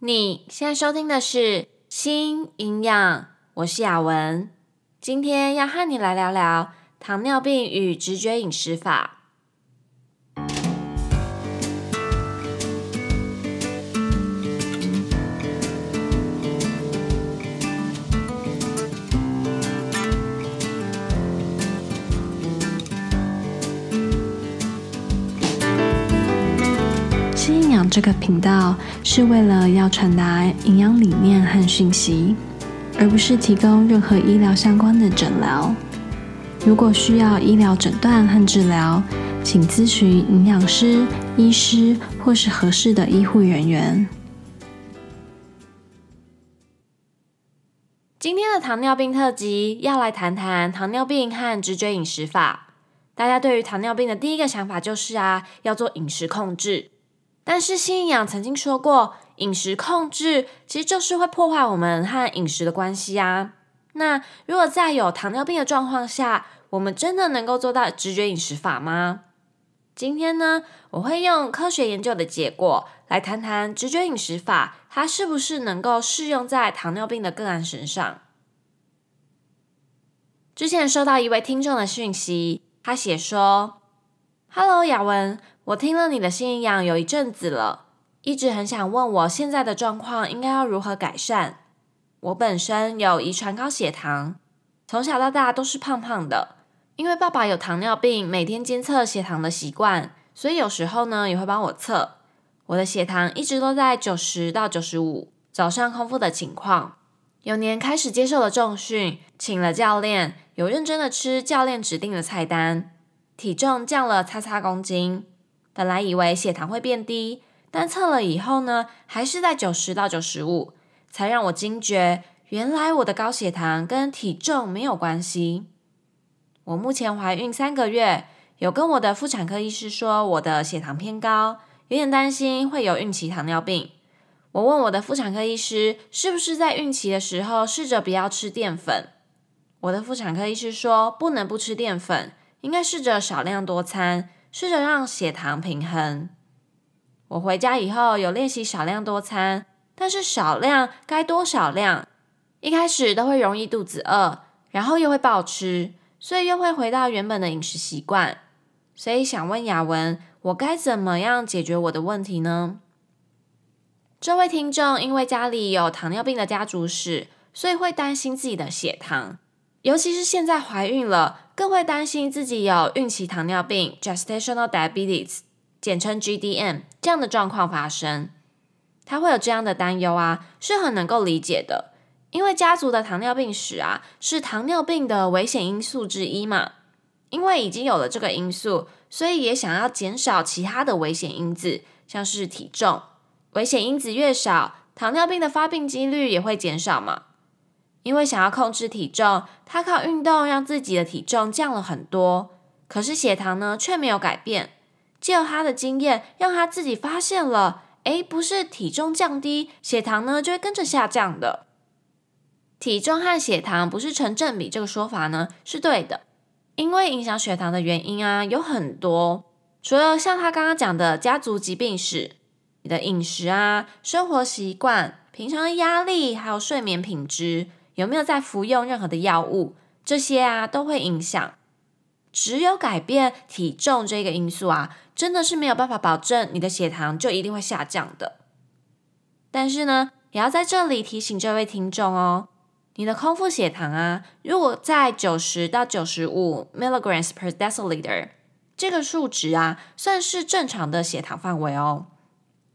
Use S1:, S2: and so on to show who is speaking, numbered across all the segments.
S1: 你現在收聽的是《心營養》，我是雅文，今天要和你來聊聊糖尿病與直覺飲食法。這個頻道是為了要傳達營養理念和訊息，而不是提供任何醫療相關的診療。如果需要醫療診斷和治療，請諮詢營養師、醫師或是合適的醫護人員。今天的糖尿病特輯要來談談糖尿病和直覺飲食法。大家對於糖尿病的第一個想法就是啊，要做飲食控制。但是，心營養曾經說過，飲食控制其實就是會破壞我們和飲食的關係啊。那如果在有糖尿病的狀況下，我們真的能夠做到直覺飲食法嗎？今天呢，我會用科學研究的結果來談談直覺飲食法，它是不是能夠適用在糖尿病的個案身上？之前收到一位聽眾的訊息，他寫說：“Hello，雅文。”我聽了你的信仰有一陣子了，一直很想問我現在的狀況應該要如何改善。我本身有遺傳高血糖，從小到大都是胖胖的，因為爸爸有糖尿病，每天監測血糖的習慣，所以有時候呢也會幫我測。我的血糖一直都在九十到九十五，早上空腹的情況。有年開始接受了重訓，請了教練，有認真的吃教練指定的菜單，體重降了差差公斤，本來以為血糖會變低，但測了以後呢，還是在九十到九十五，才讓我驚覺，原來我的高血糖跟體重沒有關係。我目前懷孕三個月，有跟我的婦產科醫師說我的血糖偏高，有點擔心會有孕期糖尿病。我問我的婦產科醫師，是不是在孕期的時候試着不要吃澱粉？我的婦產科醫師說，不能不吃澱粉，應該試着少量多餐。試着讓血糖平衡。我回家以後有練習少量多餐，但是少量該多少量？一開始都會容易肚子餓，然後又會暴吃，所以又會回到原本的飲食習慣。所以想問雅文，我該怎麼樣解決我的問題呢？這位聽眾因為家裡有糖尿病的家族史，所以會擔心自己的血糖。尤其是現在懷孕了，更會擔心自己有孕期糖尿病 （gestational diabetes），簡稱 GDM，這樣的狀況發生，她會有這樣的擔憂啊，是很能夠理解的。因為家族的糖尿病史啊，是糖尿病的危險因素之一嘛。因為已經有了這個因素，所以也想要減少其他的危險因子，像是體重。危險因子越少，糖尿病的發病幾率也會減少嘛。因為想要控制體重，他靠運動讓自己的體重降了很多，可是血糖呢卻沒有改變。借由他的經驗，讓他自己發現了，誒，不是體重降低，血糖呢就會跟着下降的。體重和血糖不是成正比，這個說法呢是對的。因為影響血糖的原因啊有很多，除了像他剛剛講的家族疾病史、你的飲食啊、生活習慣、平常的壓力還有睡眠品質。有沒有在服用任何的藥物？這些啊都會影響。只有改變體重這個因素啊，真的是沒有辦法保證你的血糖就一定會下降的。但是呢，也要在這裡提醒這位聽眾哦，你的空腹血糖啊，如果在九十到九十五 milligrams per deciliter，這個數值啊，算是正常的血糖範圍哦。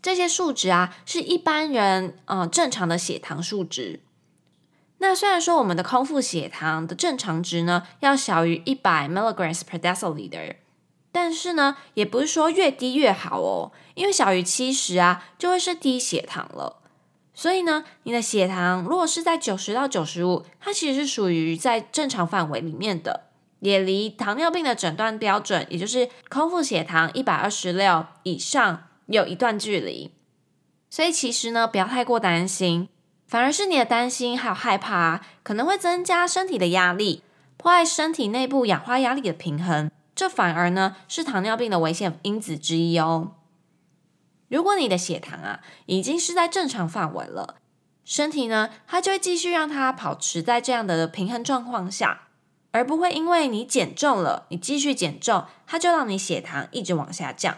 S1: 這些數值啊，是一般人嗯、呃、正常的血糖數值。那雖然說我們的空腹血糖的正常值呢，要小於一百 milligrams per deciliter，但是呢，也不是說越低越好哦，因為小於七十啊，就會是低血糖了。所以呢，你的血糖如果是在九十到九十五，它其實是屬於在正常範圍裡面的，也離糖尿病的診斷標準，也就是空腹血糖一百二十六以上。有一段距離，所以其實呢，不要太過擔心，反而是你的擔心還有害怕啊，可能會增加身體的壓力，破壞身體內部氧化壓力的平衡，這反而呢是糖尿病的危險因子之一哦。如果你的血糖啊已經是在正常範圍了，身體呢它就會繼續讓它保持在這樣的平衡狀況下，而不會因為你減重了，你繼續減重，它就讓你血糖一直往下降。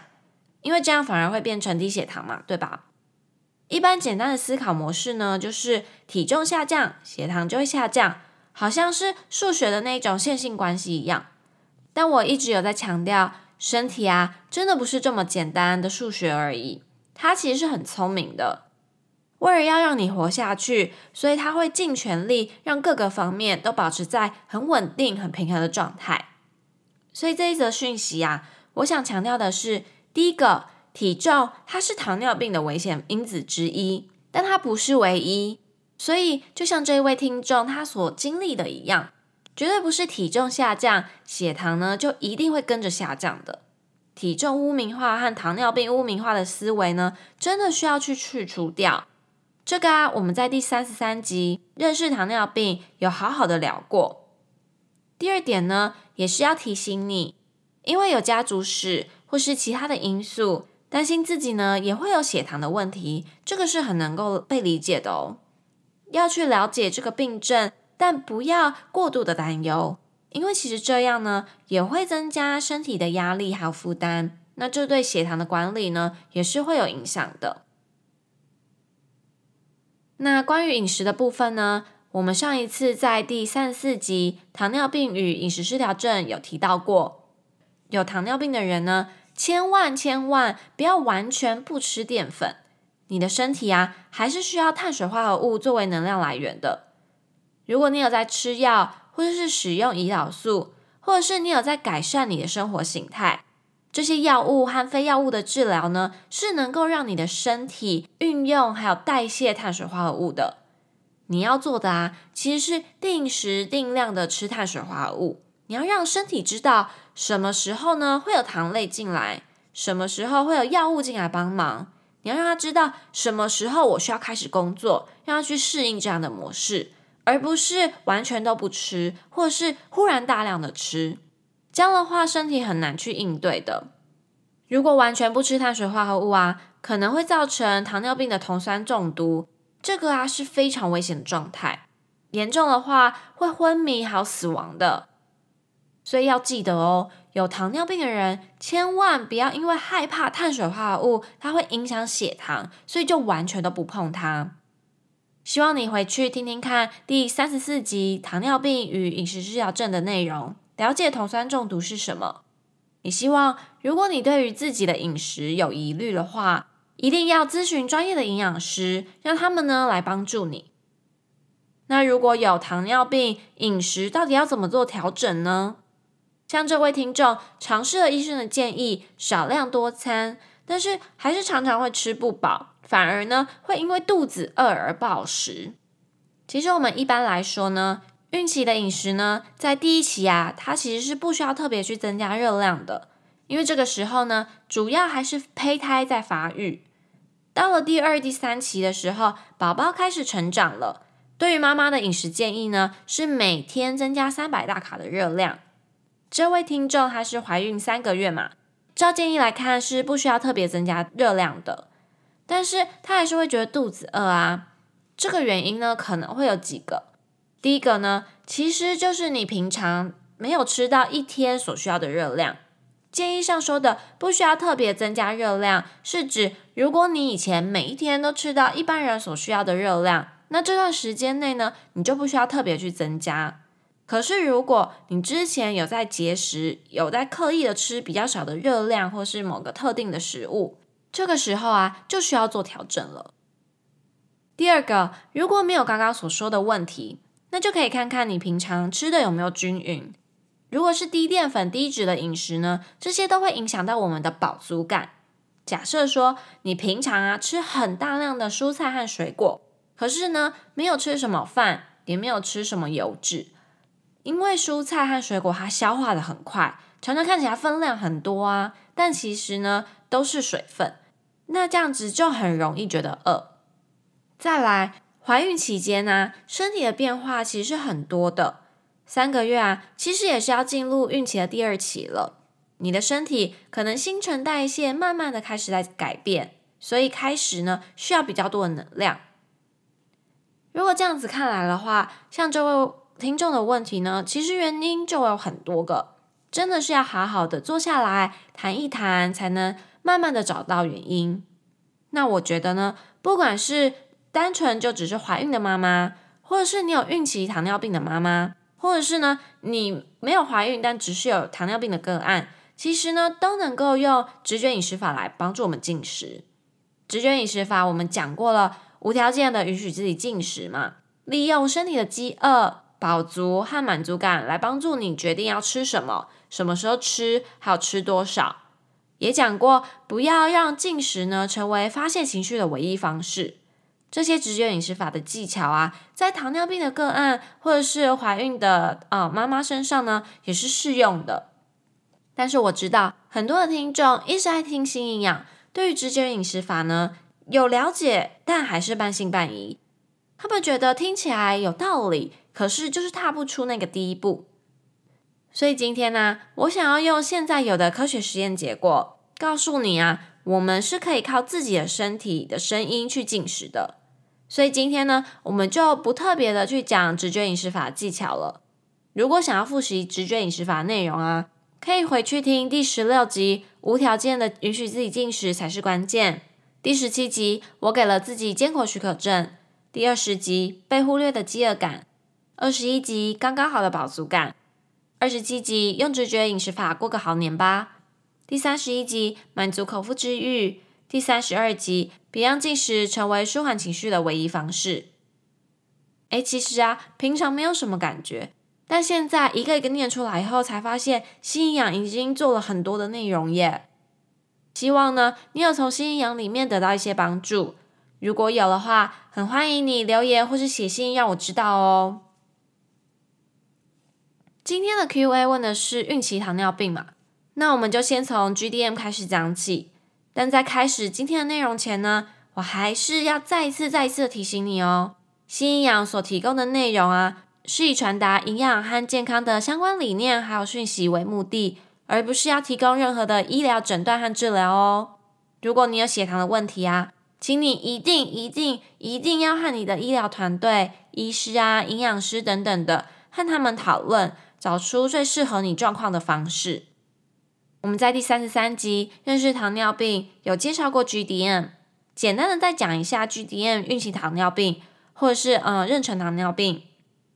S1: 因為這樣反而會變成低血糖嘛，對吧？一般簡單的思考模式呢，就是體重下降，血糖就會下降，好像是數學的那種線性關係一樣。但我一直有在強調，身體啊，真的不是這麼簡單的數學而已，它其實是很聰明的。為了要讓你活下去，所以它會盡全力讓各個方面都保持在很穩定、很平衡的狀態。所以這一則訊息啊，我想強調的是，第一個體重，它是糖尿病的危險因子之一，但它不是唯一。所以，就像這位聽眾他所經歷的一樣，絕對不是體重下降，血糖呢就一定會跟着下降的。體重污名化和糖尿病污名化的思維呢，真的需要去去除掉。這個啊，我們在第三十三集認識糖尿病有好好的聊過。第二點呢，也是要提醒你，因為有家族史。或是其他的因素，擔心自己呢也會有血糖的問題，這個是很能夠被理解的哦。要去了解這個病症，但不要過度的擔憂，因為其實這樣呢也會增加身體的壓力還有負擔，那這對血糖的管理呢也是會有影響的。那關於飲食的部分呢，我們上一次在第三十四集《糖尿病與飲食失調症》有提到過，有糖尿病的人呢。千萬千萬不要完全不吃澱粉，你的身體啊還是需要碳水化合物作為能量來源的。如果你有在吃藥，或者是使用胰島素，或者是你有在改善你的生活形態，這些藥物和非藥物的治療呢，是能夠讓你的身體運用還有代謝碳水化合物的。你要做的啊，其實是定時定量的吃碳水化合物。你要讓身體知道什麼時候呢會有糖類進來，什麼時候會有藥物進來幫忙。你要讓他知道什麼時候我需要開始工作，讓他去適應這樣的模式，而不是完全都不吃，或是忽然大量的吃。這樣的話，身體很難去應對的。如果完全不吃碳水化合物啊，可能會造成糖尿病的酮酸中毒，這個啊是非常危險的狀態，嚴重的話會昏迷還有死亡的。所以要記得哦，有糖尿病的人千萬不要因為害怕碳水化合物，它會影響血糖，所以就完全都不碰它。希望你回去聽聽看第三十四集《糖尿病與飲食失調症》的內容，了解酮酸中毒是什麼。也希望，如果你對於自己的飲食有疑慮的話，一定要諮詢專業的營養師，讓他們呢來幫助你。那如果有糖尿病，飲食到底要怎麼做調整呢？像這位聽眾嘗試了醫生的建議，少量多餐，但是還是常常會吃不飽，反而呢會因為肚子餓而暴食。其實我們一般來說呢，孕期的飲食呢，在第一期啊，它其實是不需要特別去增加熱量的，因為這個時候呢，主要還是胚胎在發育。到了第二、第三期的時候，寶寶開始成長了，對於媽媽的飲食建議呢，是每天增加三百大卡的熱量。這位聽眾她是懷孕三個月嘛？照建議來看是不需要特別增加熱量的，但是她還是會覺得肚子餓啊。這個原因呢，可能會有幾個，第一個呢，其實就是你平常沒有吃到一天所需要的熱量。建議上說的不需要特別增加熱量，是指如果你以前每一天都吃到一般人所需要的熱量，那這段時間內呢，你就不需要特別去增加。可是，如果你之前有在節食，有在刻意的吃比較少的熱量，或是某個特定的食物，這個時候啊，就需要做調整了。第二個，如果沒有剛剛所說的問題，那就可以看看你平常吃的有沒有均勻。如果是低澱粉、低脂的飲食呢，這些都會影響到我們的飽足感。假設說你平常啊吃很大量的蔬菜和水果，可是呢沒有吃什麼飯，也沒有吃什麼油脂。因為蔬菜和水果它消化的很快，常常看起來分量很多啊，但其實呢都是水分，那這樣子就很容易覺得餓。再來，懷孕期間呢、啊，身體的變化其實是很多的，三個月啊，其實也是要進入孕期的第二期了，你的身體可能新陳代謝慢慢的開始在改變，所以開始呢需要比較多的能量。如果這樣子看來的話，像這位聽眾的問題呢，其實原因就有很多個，真的是要好好的坐下來談一談，才能慢慢的找到原因。那我覺得呢，不管是單純就只是懷孕的媽媽，或者是你有孕期糖尿病的媽媽，或者是呢你沒有懷孕但只是有糖尿病的個案，其實呢都能夠用直覺飲食法來幫助我們進食。直覺飲食法我們講過了，無條件的允許自己進食嘛，利用身體的飢餓，飽足和滿足感來幫助你決定要吃什麼、什麼時候吃，還有吃多少。也講過，不要讓進食呢成為發洩情緒的唯一方式。這些直覺飲食法的技巧啊，在糖尿病的個案或者是懷孕的啊、呃、媽媽身上呢，也是適用的。但是我知道很多的聽眾一直愛聽心營養，對於直覺飲食法呢有了解，但還是半信半疑。他們覺得聽起來有道理。可是就是踏不出那個第一步，所以今天呢，啊，我想要用現在有的科學實驗結果告訴你啊，我們是可以靠自己的身體的聲音去進食的。所以今天呢，我們就不特別的去講直覺飲食法技巧了。如果想要複習直覺飲食法內容啊，可以回去聽第十六集“無條件的允許自己進食才是關鍵”，第十七集“我給了自己堅果許可證”，第二十集“被忽略的飢餓感”。二十一集剛剛好的飽足感，二十七集用直覺飲食法過個好年吧。第三十一集滿足口腹之慾，第三十二集別讓進食成為舒緩情緒的唯一方式。哎，其實啊，平常沒有什麼感覺，但現在一個一個念出來以後，才發現心營養已經做了很多的內容耶。希望呢，你有從心營養裡面得到一些幫助。如果有的話，很歡迎你留言或是寫信讓我知道哦。今天的 Q&A 問的是孕期糖尿病嘛？那我們就先從 GDM 開始講起。但在開始今天的內容前呢，我還是要再一次、再一次提醒你哦：心營養所提供的內容啊，是以傳達營養和健康的相關理念還有訊息為目的，而不是要提供任何的醫療診斷和治療哦。如果你有血糖的問題啊，請你一定、一定、一定要和你的醫療團隊、醫師啊、營養師等等的和他們討論。找出最適合你狀況的方式。我們在第三十三集認識糖尿病，有介紹過 GDM，簡單的再講一下 GDM，孕期糖尿病或者是呃妊娠糖尿病，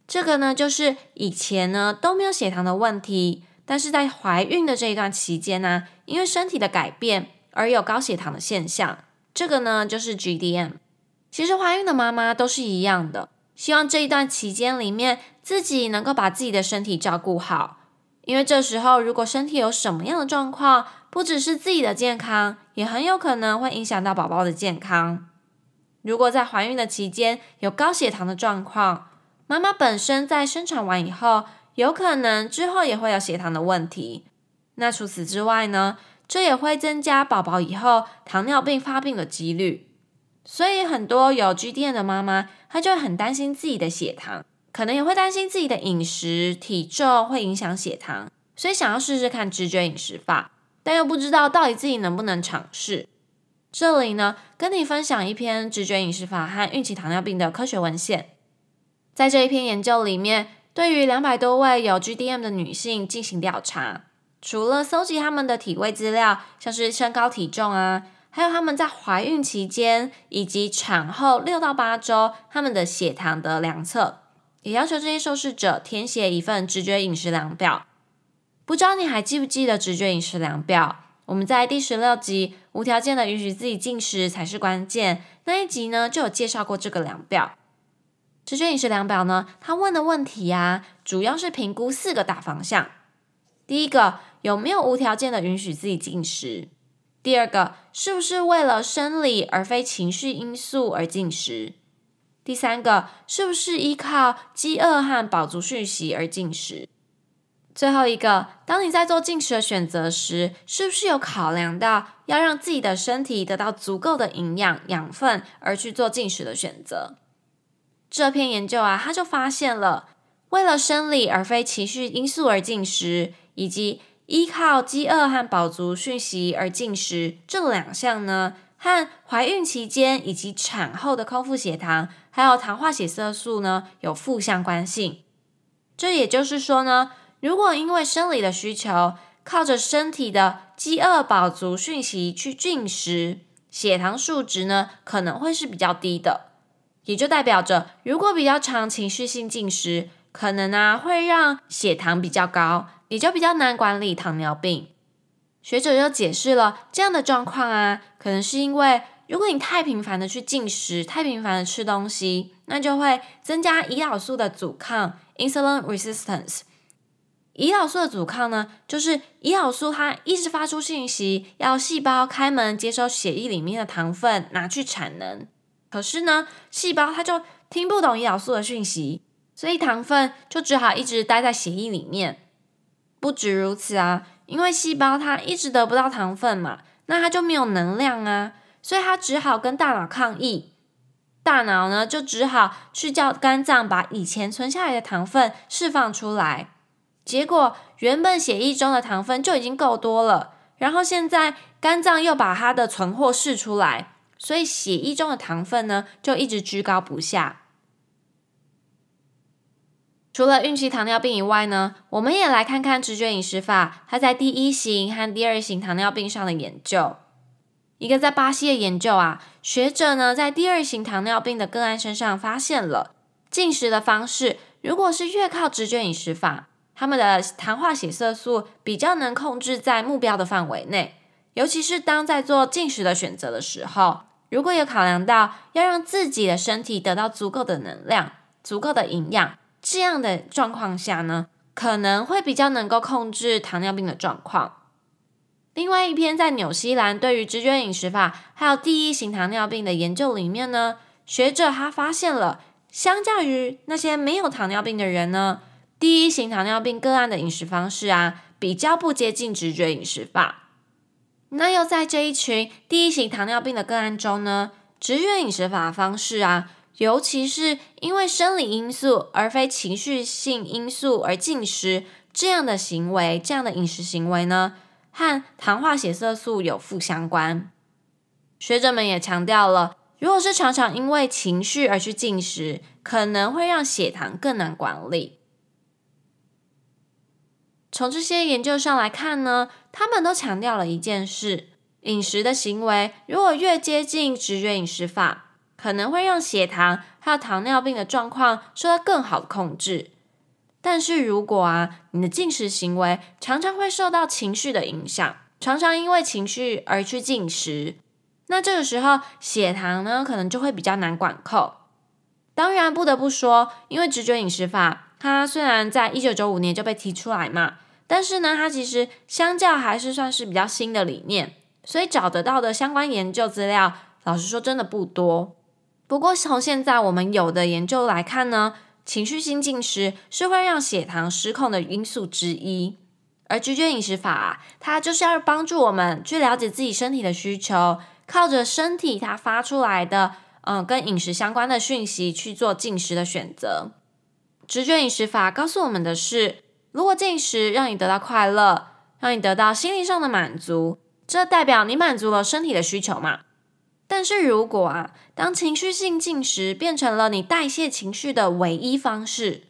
S1: 這個呢就是以前呢都沒有血糖的問題，但是在懷孕的這一段期間呢、啊，因為身體的改變而有高血糖的現象。這個呢就是 GDM。其實懷孕的媽媽都是一樣的，希望這一段期間裡面。自己能夠把自己的身體照顧好，因為這時候如果身體有什麼樣的狀況，不只是自己的健康，也很有可能會影響到寶寶的健康。如果在懷孕的期間有高血糖的狀況，媽媽本身在生產完以後，有可能之後也會有血糖的問題。那除此之外呢，這也會增加寶寶以後糖尿病發病的幾率。所以很多有 GDM 的媽媽，她就很擔心自己的血糖。可能也會擔心自己的飲食、體重會影響血糖，所以想要試試看直覺飲食法，但又不知道到底自己能不能嘗試。這裡呢，跟你分享一篇直覺飲食法和孕期糖尿病的科學文獻。在這一篇研究裡面，對於兩百多位有 GDM 的女性進行調查，除了搜集她們的體位資料，像是身高體重啊，還有她們在懷孕期間以及產後六到八周她們的血糖的量測。也要求這些受試者填寫一份直覺飲食量表。不知道你還記不記得直覺飲食量表？我們在第十六集“無條件的允許自己進食才是關鍵”那一集呢，就有介紹過這個量表。直覺飲食量表呢，它問的問題呀、啊，主要是評估四個大方向。第一個，有沒有無條件的允許自己進食？第二個，是不是為了生理而非情緒因素而進食？第三個，是不是依靠飢餓和飽足訊息而進食？最後一個，當你在做進食的選擇時，是不是有考量到要讓自己的身體得到足夠的營養養分而去做進食的選擇？這篇研究啊，他就發現了為了生理而非情緒因素而進食，以及依靠飢餓和飽足訊息而進食，這兩項呢，和懷孕期間以及產後的空腹血糖，還有糖化血色素呢，有負相關性。這也就是說呢，如果因為生理的需求，靠着身體的飢餓飽足訊息去進食，血糖數值呢可能會是比較低的。也就代表着，如果比較常情緒性進食，可能啊會讓血糖比較高，也就比較難管理糖尿病。學者又解釋了這樣的狀況啊，可能是因為。如果你太頻繁的去進食，太頻繁的吃東西，那就會增加胰島素的阻抗 （insulin resistance）。胰島素的阻抗呢，就是胰島素它一直發出訊息，要細胞開門接收血液裡面的糖分，拿去產能。可是呢，細胞它就聽不懂胰島素的訊息，所以糖分就只好一直待在血液裡面。不止如此啊，因為細胞它一直得不到糖分嘛，那它就沒有能量啊。所以，他只好跟大腦抗議，大腦呢就只好去叫肝臟把以前存下來的糖分釋放出來。結果，原本血液中的糖分就已經夠多了，然後現在肝臟又把它的存貨釋出來，所以血液中的糖分呢就一直居高不下。除了孕期糖尿病以外呢，我們也來看看直覺飲食法，它在第一型和第二型糖尿病上的研究。一個在巴西的研究啊，學者呢在第二型糖尿病的個案身上發現了，進食的方式如果是越靠直覺飲食法，他們的糖化血色素比較能控制在目標的範圍內。尤其是當在做進食的選擇的時候，如果有考量到要讓自己的身體得到足夠的能量、足夠的營養，這樣的狀況下呢，可能會比較能夠控制糖尿病的狀況。另外一篇在紐西蘭對於直覺飲食法還有第一型糖尿病的研究裡面呢，學者他發現了，相較於那些沒有糖尿病的人呢，第一型糖尿病個案的飲食方式啊，比較不接近直覺飲食法。那又在這一群第一型糖尿病的個案中呢，直覺飲食法的方式啊，尤其是因為生理因素而非情緒性因素而進食，這樣的行為，這樣的飲食行為呢，和糖化血色素有負相關。學者們也強調了，如果是常常因為情緒而去進食，可能會讓血糖更難管理。從這些研究上來看呢，他們都強調了一件事：飲食的行為如果越接近直覺飲食法，可能會讓血糖還有糖尿病的狀況受到更好的控制。但是如果啊，你的進食行為常常會受到情緒的影響，常常因為情緒而去進食，那這個時候血糖呢，可能就會比較難管控。當然，不得不說，因為直覺飲食法，它雖然在一九九五年就被提出來嘛，但是呢，它其實相較還是算是比較新的理念，所以找得到的相關研究資料，老實說真的不多。不過從現在我們有的研究來看呢，情緒性進食是會讓血糖失控的因素之一，而直覺飲食法啊，它就是要幫助我們去了解自己身體的需求，靠着身體它發出來的，嗯，跟飲食相關的訊息去做進食的選擇。直覺飲食法告訴我們的是，如果進食讓你得到快樂，讓你得到心理上的滿足，這代表你滿足了身體的需求嘛？但是如果啊，當情緒性進食變成了你代謝情緒的唯一方式，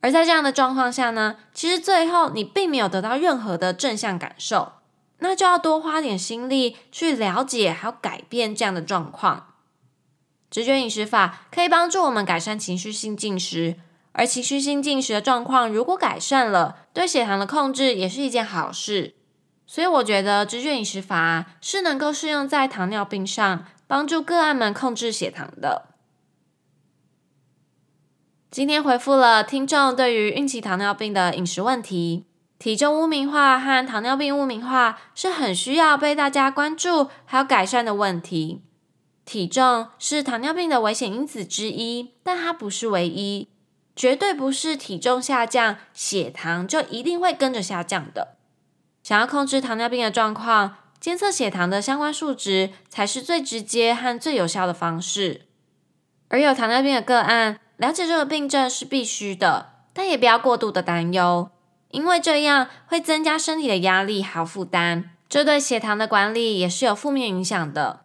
S1: 而在這樣的狀況下呢，其實最後你並沒有得到任何的正向感受，那就要多花點心力去了解還有改變這樣的狀況。直覺飲食法可以幫助我們改善情緒性進食，而情緒性進食的狀況如果改善了，對血糖的控制也是一件好事。所以我覺得直覺飲食法是能夠適用在糖尿病上，幫助個案們控制血糖的。今天回復了聽眾對於孕期糖尿病的飲食問題，體重汙名化和糖尿病汙名化是很需要被大家關注還有改善的問題。體重是糖尿病的危險因子之一，但它不是唯一，絕對不是體重下降，血糖就一定會跟着下降的。想要控制糖尿病的狀況，監測血糖的相關數值才是最直接和最有效的方式。而有糖尿病的個案，了解這個病症是必須的，但也不要過度的擔憂，因為這樣會增加身體的壓力還有負擔，這對血糖的管理也是有負面影響的。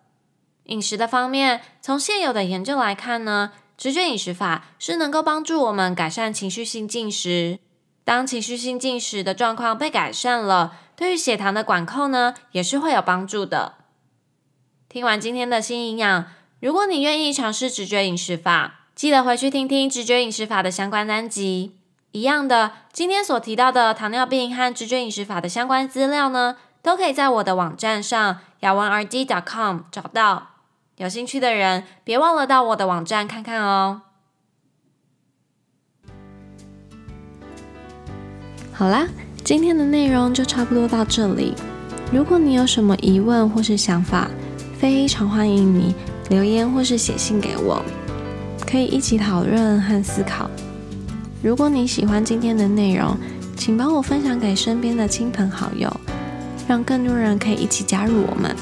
S1: 飲食的方面，從現有的研究來看呢，直覺飲食法是能夠幫助我們改善情緒性進食。當情緒性進食的狀況被改善了，對於血糖的管控呢，也是會有幫助的。聽完今天的心營養，如果你願意嘗試直覺飲食法，記得回去聽聽直覺飲食法的相關單集。一樣的，今天所提到的糖尿病和直覺飲食法的相關資料呢，都可以在我的網站上雅雯 RD.com 找到。有興趣的人，別忘了到我的網站看看哦。好啦。今天的內容就差不多到這裡。如果你有什麼疑問或是想法，非常歡迎你留言或是寫信給我，可以一起討論和思考。如果你喜歡今天的內容，請幫我分享給身邊的親朋好友，讓更多人可以一起加入我們。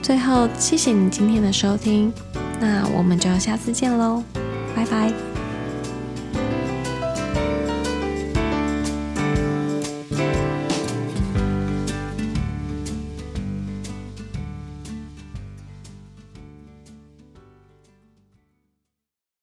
S1: 最後，謝謝你今天的收聽，那我們就下次見嘍，拜拜。